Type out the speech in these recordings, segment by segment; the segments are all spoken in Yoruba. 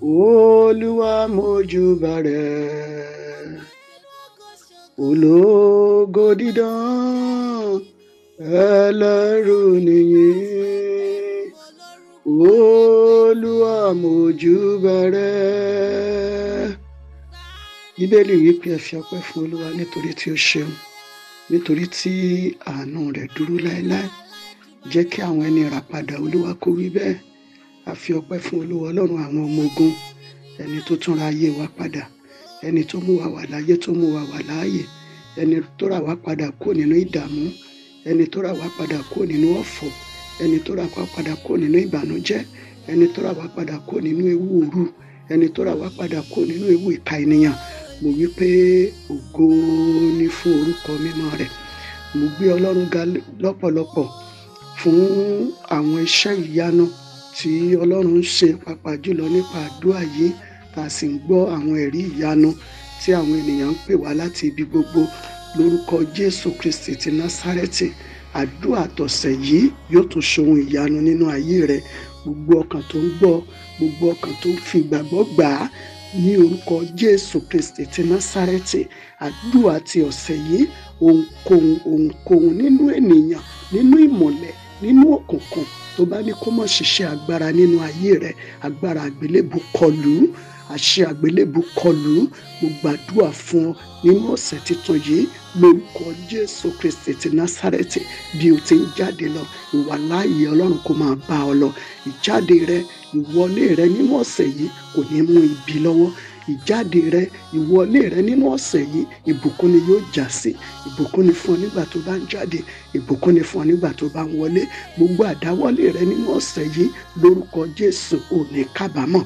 olúwa mojúbà rẹ ológo dídán ẹlẹ́rù nìyí olúwa mojúbà rẹ. bíbélì wípé ẹ fi ọpẹ́ fún olúwa nítorí tí ó ṣeun nítorí tí àánú rẹ̀ dúró láéláé jẹ́ kí àwọn ẹni rà padà olúwa kó wí bẹ́ẹ̀ a fi ọpẹ́ fún olówó ọlọ́run àwọn ọmọ ogun ẹni tó tún ra ayé wa padà ẹni tó mú wa wà láyé tó mú wa wà láàyè ẹni tó rà wá padà kó nínú ìdààmú ẹni tó rà wá padà kó nínú ọ̀fọ̀ ẹni tó rà wá padà kó nínú ìbànújẹ́ ẹni tó rà wá padà kó nínú ewu òru ẹni tó rà wá padà kó nínú ewu ìka ènìyàn mo wí pé ògo ni fún orúkọ mímọ́ rẹ̀ mo gbé ọlọ́run ga lọ́pọ̀lọpọ̀ fún àwọn iṣẹ́ ìyanu tí ọlọ́run ń ṣe pàápàá jùlọ nípa àdúrà yìí tá a sì ń gbọ́ àwọn ẹ̀rí ìyanu tí àwọn ènìyàn ń pè wá láti ibi gbogbo lórúkọ jésù kristi ti násárẹ́tì àdúrà tọ̀sẹ̀ yìí yóò tún ṣohun ìyanu nínú ayé rẹ gbogbo ọkàn tó ń gbọ́ gbogbo ọkàn tó ń fi ìgbàgbọ́ gbà á ní orúkọ jésù kristi ti násárẹ́tì àdúrà ti ọ̀sẹ̀ yìí ohunkóhun ohunkóhun nínú ènìyàn nínú ìmọ̀lẹ̀ nínú òkùnkùn tó bá ní kó mọ̀ ṣiṣẹ́ agbára nínú ayé rẹ agbára àgbélébù kọlù àṣẹ àgbélébù kọlù mo gbàdúrà fún ọ nínú ọ̀sẹ̀ tuntun yìí lórúkọ jésù kristi ti násárẹ́tì bí o ti ń jáde lọ ìwà láàyè ọlọ́run kó máa bá ọ lọ ìjáde rẹ ìwọlé rẹ nínú ọ̀sẹ̀ yìí kò ní mú ibi lọ́wọ́ ìjáde rẹ ìwọlé rẹ nínú ọ̀sẹ̀ yìí ìbùkún ni yóò já sí ìbùkún ni fún ọ nígbà tó bá ń jáde ìbùkún ni fún ọ nígbà tó bá ń wọlé gbogbo àdáwọ́lé rẹ nínú ọ̀sẹ̀ yìí lórúkọ Jésù ò ní kábàámọ̀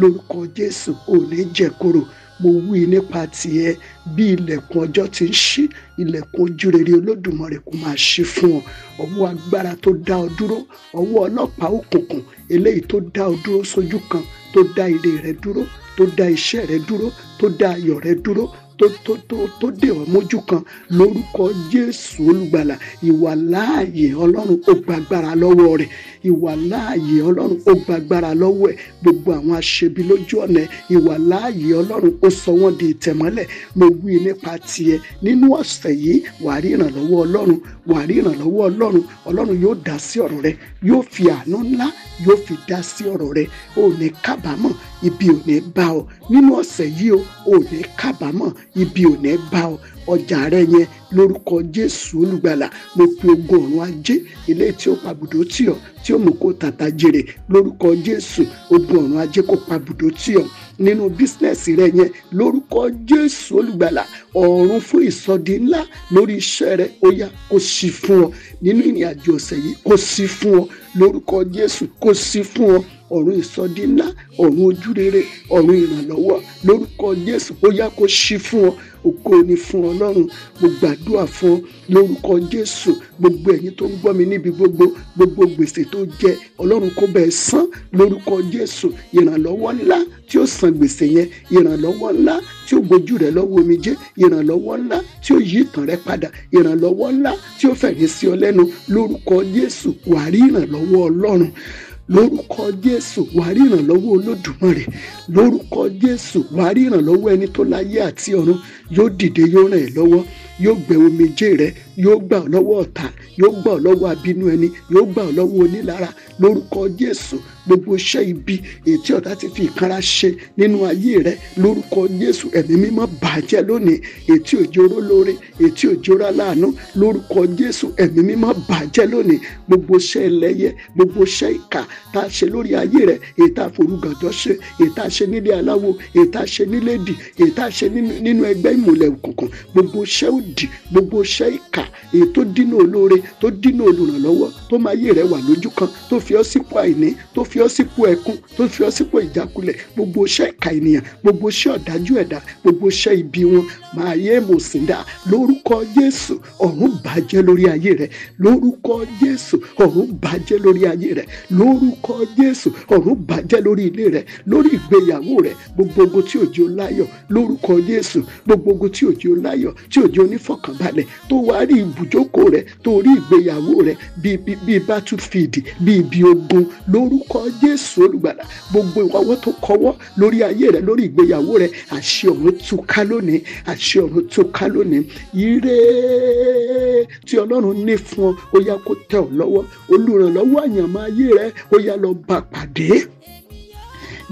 lórúkọ Jésù ò ní jẹ kúrò mo wí nípa tiẹ̀ bí ilẹ̀kùn ọjọ́ ti ń ṣí ilẹ̀kùn ojúrere olódùmarè kò máa ṣí fún ọ ọwọ́ agbára tó dá ọ dúró ọwọ́ ọlọ́pàá òkùnkùn eléyìí tó dá ọ dúró sójú kan tó dá ire rẹ dúró tó dá iṣẹ́ rẹ dúró tó dá ayọ̀ rẹ dúró tó tó tó tó dè ọ́ mójú kan lórúkọ Jésù olùgbàlà ìwà láàyè Ọlọ́run ó gbàgbára lọ́wọ́ rẹ̀ ìwà láàyè Ọlọ́run ó gbàgbára lọ́wọ́ ẹ̀ gbogbo àwọn aṣebi lójú ọ̀nà ìwà láàyè Ọlọ́run ó sọ wọ́n di ìtẹ̀mọ́lẹ̀ mo wí nípa tiẹ̀ nínú ọ̀sẹ̀ yìí wàá rí ìrànlọ́wọ́ Ọlọ́run wàá rí ìrànlọ́wọ́ Ọlọ́run Ọlọ́run yóò dá sí ọ̀rọ̀ rẹ yóò fi àánú ńlá yóò fi dá sí ọ̀rọ̀ rẹ ò kábàámọ̀ ibi ò ní bá ọ nínú ọ̀sẹ̀ yìí o ò ní kábàámọ̀ ibi ò ní bá ọ ọjà rẹ yẹn lórúkọ jésù olùgbàlà mo pe ogun ọ̀run ajé ilé tí ó pabùdó tì ọ́ tí ó mú kó tàtà jèrè lórúkọ jésù ogun ọ̀run ajé kó pabùdó tì ọ́ nínú bísínẹ́sì rẹ yẹn lórúkọ jésù olùgbàlà ọ̀run fún ìsọdi ńlá lórí iṣẹ́ rẹ ó yá kó sí fún ọ nínú ìrìn àjò ọ̀sẹ̀ yìí kó sí fún ọ lórúkọ jésù kó sí fún ọ ọ̀run ìsọdí ńlá ọ̀run ojúrere ọ̀run ìrànlọ́wọ́ lórúkọ Jésù ó yá kó ṣí fún ọ ògo ni fún ọlọ́run mo gbàdúrà fún lórúkọ jésù gbogbo ẹ̀yin tó ń gbọ́ mi níbi gbogbo gbogbo gbèsè tó jẹ ọlọ́run kó bẹ́ẹ̀ san lórúkọ jésù ìrànlọ́wọ́ ńlá tí ó san gbèsè yẹn ìrànlọ́wọ́ ńlá tí ó gbojú rẹ lọ́wọ́ omijé ìrànlọ́wọ́ ńlá tí ó yí ìtàn rẹ padà ìrànlọ́wọ́ ńlá tí ó fẹ̀rí sí ọ lẹ́nu lórúkọ jésù wàá rí ìrànlọ́wọ́ ọlọ́run lórúkọ jésù wà á rí ìrànlọ́wọ́ olódùmarè lórúkọ jésù wà á rí ìrànlọ́wọ́ ẹni tó láyé àti ọ̀run yóò dìde yóò ràn ẹ́ lọ́wọ́ yóò gbẹ omijé rẹ yóò gbà ọ́ lọ́wọ́ ọ̀tá yóò gbà ọ́ lọ́wọ́ abínú ẹni yóò gbà ọ́ lọ́wọ́ onílára lórúkọ Jésù gbogbo iṣẹ́ ibi ètí ọ̀tá ti fi ìkanra ṣe nínú ayé rẹ lórúkọ Jésù ẹ̀mí mímọ́ bàjẹ́ lónìí ètí òjòrò lóore ètí òjòrò aláàánú lórúkọ Jésù ẹ̀mí mímọ́ bàjẹ́ lónìí gbogbo iṣẹ́ ẹlẹ́yẹ gbogbo iṣẹ́ ìkà tá a ṣe lórí ayé rẹ ètí àforúgànjọ́ ṣe ètí a ṣe nílé aláwo ètí a ṣe nílé dì ètí a ṣe nínú ẹgbẹ́ ìmùlẹ̀ òkùnkùn gbogbo iṣẹ́ òd òdì gbogbo iṣẹ́ ìkà èyí tó dínà olóore tó dínà olùrànlọ́wọ́ tó máa yé rẹ wà lójú kan tó fi ọ́ sípò àìní tó fi ọ́ sípò ẹkún tó fi ọ́ sípò ìjákulẹ̀ gbogbo iṣẹ́ ìkà ènìyàn gbogbo iṣẹ́ ọ̀dájú ẹ̀dá gbogbo iṣẹ́ ibi wọn máa yé mòsíndà lórúkọ Jésù ọ̀run bàjẹ́ lórí ayé rẹ lórúkọ Jésù ọ̀run bàjẹ́ lórí ayé rẹ lórúkọ Jésù ọ̀run bàjẹ́ lórí ilé rẹ lórí ìgbéyàwó rẹ gbogbo tí òjò láyọ̀ lórúkọ Jésù gbogbo tí òjò láyọ̀ tí òjò onífọ̀kànbalẹ̀ tó wá rí ibùjókòó rẹ tó rí ìgbéyàwó rẹ bíi battlefield bíi ibi ogun lórúkọ Jésù olùgbàlà gbogbo ìwọ́wọ́ tó kọwọ́ lórí ayé rẹ lórí ìgbéyàwó rẹ àṣẹ ọ̀run túká lónìí àṣẹ ọ̀run túká lónìí ire tí Ọlọ́run ní fún ọ ó yá kó tẹ̀ ọ́ lọ́wọ́ olùrànlọ́wọ́ àyànmọ́ ayé rẹ ó yá lọ bá pàdé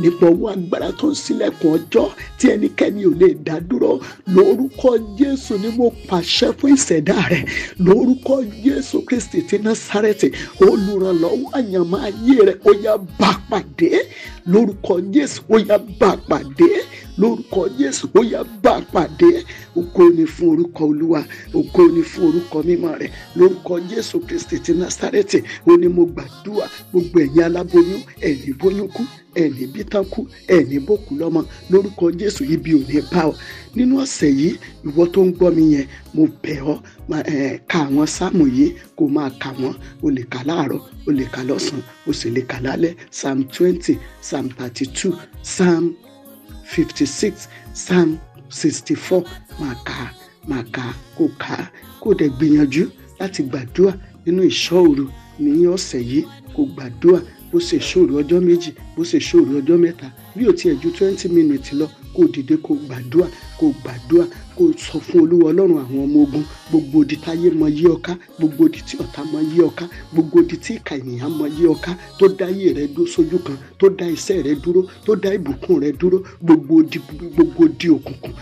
nípa ọwọ́ agbára tó ń ṣílẹ̀kùn ọjọ́ tí ẹnikẹ́ni ò lè dá dúró lórúkọ Jésù ni mo pàṣẹ fún ìṣẹ̀dá rẹ̀ lórúkọ Jésù Kristi ti Násárẹ́tì olùrànlọ́wọ́ àyànmọ́ ayé rẹ̀ ó yá bá pàdé lórúkọ Jésù ó yá bá pàdé lórúkọ Jésù ó yá bá pàdé ògo ni fún orúkọ Olúwa ògo ni fún orúkọ mímọ́ rẹ̀ lórúkọ Jésù Kristi ti Násárẹ́tì ó ní mo gbàdúrà gbogbo ẹ̀yin aláboyún ẹ̀yin bóyún kú ẹni bí tán kú ẹni bòkú lọ́mọ lórúkọ jésù yìí bí òní bá ọ nínú ọ̀sẹ̀ yìí ìwọ tó ń gbọ́ mi yẹn mo bẹ̀ ọ́ ka àwọn sáàmù yìí kó máa kà wọ́n o lè kà láàárọ̀ o lè kà lọ́sàn-án o sì lè kà lálẹ́ psalm twenty psalm thirty two psalm fifty six psalm sixty four máa kà máa kà kó kà kó dẹ̀ gbìyànjú láti gbàdúrà nínú ìṣọ́ òru ní ọ̀sẹ̀ yìí kó gbàdúrà bó ṣe ṣòro ọjọ́ méjì bó ṣe ṣòro ọjọ́ mẹ́ta bí ò tiẹ̀ ju twenty minutes lọ kó dìde kó gbàdúà kó gbàdúà kó sọ fún olúwa ọlọ́run àwọn ọmọ ogun gbogbo odi táyé mọ yí ọká gbogbo odi tí ọ̀tá mọ yí ọká gbogbo odi tí ìka ènìyàn mọ yí ọká tó dá ayé rẹ dúró sójú kan tó dá iṣẹ́ rẹ dúró tó dá ìbùkún rẹ dúró gbogbo odi gbogbo odi òkùnkùn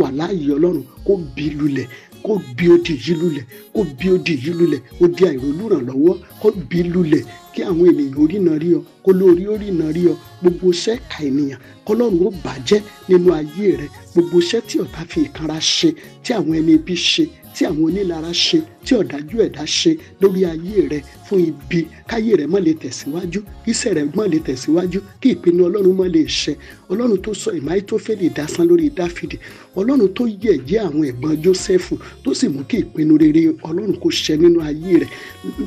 wà láàyè ọlọ́run kó bí lulẹ̀ kó bí odi yìí lulẹ̀ kó bí odi yìí lulẹ̀ odi àìrólùrànlọ́wọ́ kó bí lulẹ̀ kí àwọn ènìyàn orínà rí ọ kó lórí orínà rí ọ gbogbo sẹ́ka ènìyàn kọlọ́run ó bàjẹ́ nínú ayé rẹ gbogbo iṣẹ́ tí ọ̀tá fi ìkanra ṣe tí àwọn ẹni ibi ṣe tí àwọn onílara ṣe tí ọ̀dájú ẹ̀dá ṣe lórí ayé rẹ fún ibi káyé rẹ má lè tẹ̀síwájú iṣẹ́ rẹ má lè tẹ̀síwájú kí ìpinnu ọlọ́run má lè ṣẹ ọlọ́run tó sọ ìmáítófẹ́lì dasán lórí dáfídì ọlọ́run tó yẹ̀yẹ́ àwọn ẹ̀gbọ́n jósẹ́fù tó sì mú kí ìpinnu rere ọlọ́run kó ṣẹ nínú ayé rẹ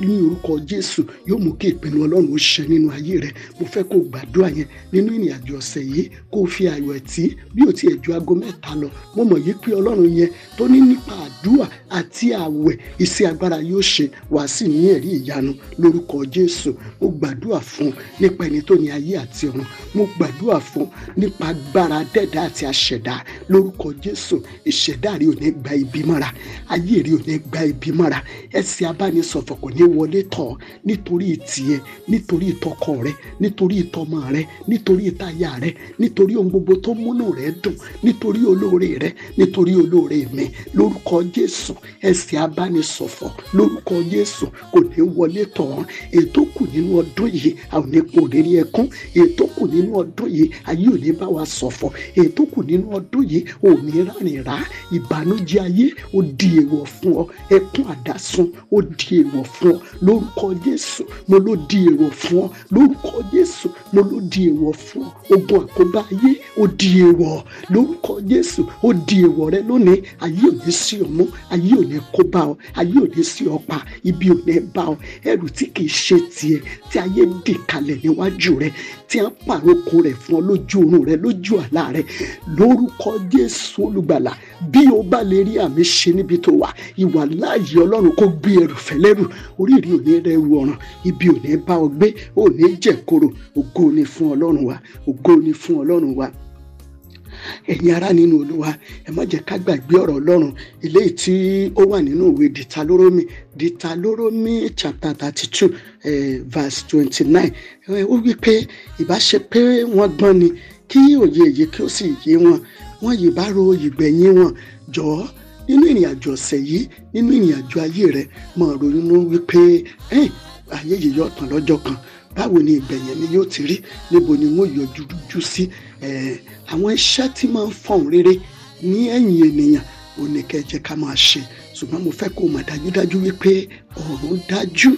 ní orúkọ jésù yóò mú kí ìpinnu ọlọ́run ó ṣẹ nínú ayé rẹ mo fẹ́ kó gbàdúrà yẹn nínú ìrìn ọ̀sẹ̀ yìí kó o fi ayọ̀ ẹ̀tí bí ò tiẹ̀ ju aago mẹ́ta lọ mo mọ̀ yí pé ọlọ́run yẹn tó ní nípa àdúrà àti àwẹ̀ iṣẹ́ agbára yóò ṣe wàá sì ní ẹ̀rí ìyanu lórúkọ Jésù mo gbàdúrà fún nípa ẹni tó ní ayé àti ọ̀run mo gbàdúrà fún nípa agbára dẹ́dá àti aṣẹ̀dá lórúkọ Jésù ìṣẹ̀dá rí ò ní gba ibi mọ́ra ayé rí ò ní gba ibi mọ́ra ẹsẹ̀ abánisọ̀fọ̀ kò ní wọlé tọ̀ nítorí tìẹ nítorí ìtọkọ rẹ nítorí ìtọmọ rẹ nítorí ìtayà rẹ nítorí ohun gbogbo tó múnú rẹ dùn nítorí olóore rẹ nítorí olóore mi lórúkọ Jésù ẹ̀sìn abánisọ̀fọ̀ lórúkọ Jésù kò ní wọlé tọ̀ wọ́n ètò kù nínú ọdún yìí a ò ní po rírí ẹkún ètò kù nínú ọdún yìí ayé ò ní bá wa ṣọ̀fọ̀ ètò kù nínú ọdún yìí ò ní rárìn rá ìbànújẹ́ ayé ó di èèwọ̀ fún ọ ẹkún àdásun ó di èèwọ̀ fún ọ lórúkọ Jésù mo ló di èèwọ̀ fún ọ lórúkọ Jésù mo ló di èèwọ̀ fún ọ ogun àkóbá ayé ó di èèwọ̀ lórúkọ Jésù ó di èèwọ̀ rẹ lónìí ayé ò ní sí ọmọ ayé ayé ò ní kó bá ọ ayé ò ní sí ọpa ibi ò ní bá ọ ẹrù tí kìí ṣe tiẹ̀ tí ayé ń dì kalẹ̀ níwájú rẹ tí a ń pàrókò rẹ fún ọ lójú oorun rẹ lójú àlá rẹ lórúkọ Jésù olùgbàlà bí o bá lè rí àmì ṣe níbi tó wà ìwà láàyè Ọlọ́run kó gbé ẹrù fẹ́lẹ́rù oríire ò ní rẹrù ọ̀ràn ibi ò ní bá ọ gbé ò ní jẹ̀koro ògo ni fún Ọlọ́run wa ògo ni fún Ọlọ́run wa ẹ̀yin ará nínú olúwa ẹ má jẹ́ ká gbàgbé ọ̀rọ̀ ọlọ́run eléyìí tí ó wà nínú ìwé dìtalórómì dìtalórómì chapter thirty two eh, verse twenty nine eh, ó wí pé ìbá ṣe pé wọ́n gbọ́n ni kí òye èyí kí ó sì yé wọn wọ́n yìí bá ro ìgbẹ̀yìn wọn jọ̀ọ́ nínú ìrìn àjò ọ̀sẹ̀ yìí nínú ìrìn àjò ayé rẹ máa ronú wípé ayé yìí yóò tán lọ́jọ́ kan báwo ni ìgbẹ̀yìn mi yóò ti rí níbo ni mo yọjú sí eh, àwọn iṣẹ́ tí máa ń fọhùn rere ní ẹ̀yìn ènìyàn ò ní kẹ́ jẹ́ ká máa ṣe ṣùgbọ́n mo fẹ́ kó mọ̀ dájúdájú wípé ọ̀run dájú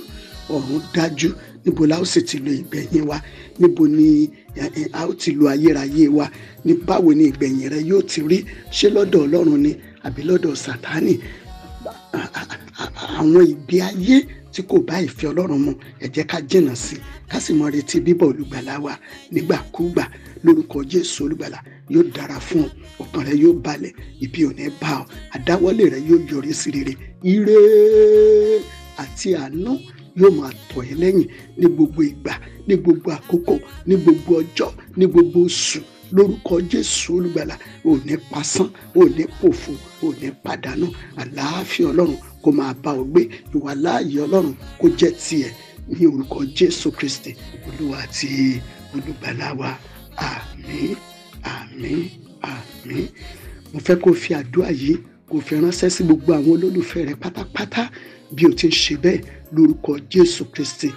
ọ̀run dájú níbo la ó sì ti lo ìgbẹ̀yìn wa níbo ni a ó ti lo ayérayé wa ní báwo ni ìgbẹ̀yìn rẹ yóò ti rí ṣé lọ́dọ̀ ọlọ́run ni àbí lọ́dọ̀ sàtánì àwọn ìgbé ayé tí kò bá ìfẹ́ ọlọ́run mu ẹ jẹ́ ká jìnnà sí ká sì mọ retí bíbọ̀ olùgbàlà wa nígbàkúgbà lórúkọ jésù olùgbàlà yóò dára fún ọ ọkàn rẹ yóò balẹ̀ ibi ò ní bá ọ àdáwọ́lé rẹ yóò yọrí sí rere ire àti àánú yóò máa tọ̀ ẹ́ lẹ́yìn ní gbogbo ìgbà ní gbogbo àkókò ní gbogbo ọjọ́ ní gbogbo oṣù lórúkọ jésù olùgbàlà ò ní pasán ò ní pòfo ò ní pàdánù àlàáfíà ọlọ́run kó máa bá ọ gbé ìwà láàyè ọlọ́run kó jẹ́ tiẹ̀ ní orúkọ jésù kristi olúwa àti olùgbàlà wa àmín àmín mo fẹ́ kó fi àdúrà yìí kó fi ránṣẹ́ sí gbogbo àwọn olólùfẹ́ rẹ pátápátá bí o ti ń ṣe bẹ́ẹ̀ lórúkọ jésù kristi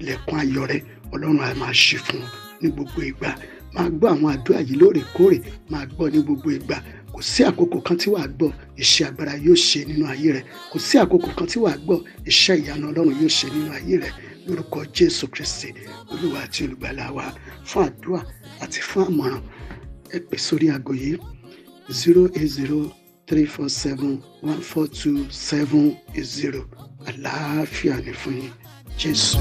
ilẹ̀kùn ayọ̀ rẹ ọlọ́run á máa ṣí fún ọ ní gbogbo ìgbà máa gbọ́ àwọn àdúrà yìí lóòrèkóòrè máa gbọ́ ní gbogbo ìgbà kò sí àkókò kan tí wàá gbọ́ iṣẹ́ agbára yóò ṣe nínú ayé rẹ kò sí àkókò kan tí wàá gbọ́ iṣẹ́ ìyanu Ọlọ́run yóò ṣe nínú ayé rẹ lórúkọ Jésù Kristi Olúwa àti olùgbàlà wa fún àdúrà àti fún àmọ̀ràn ẹ pè sórí aago yìí zero eight zero three four seven one four two seven eight zero àlàáfíà ní fún yín Jésù.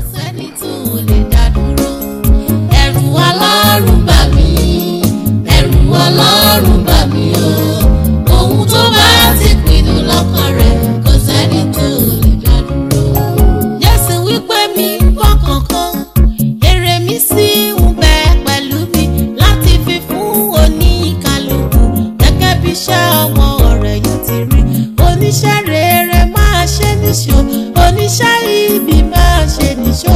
níṣó oníṣẹ́ ibi máa ṣe níṣó.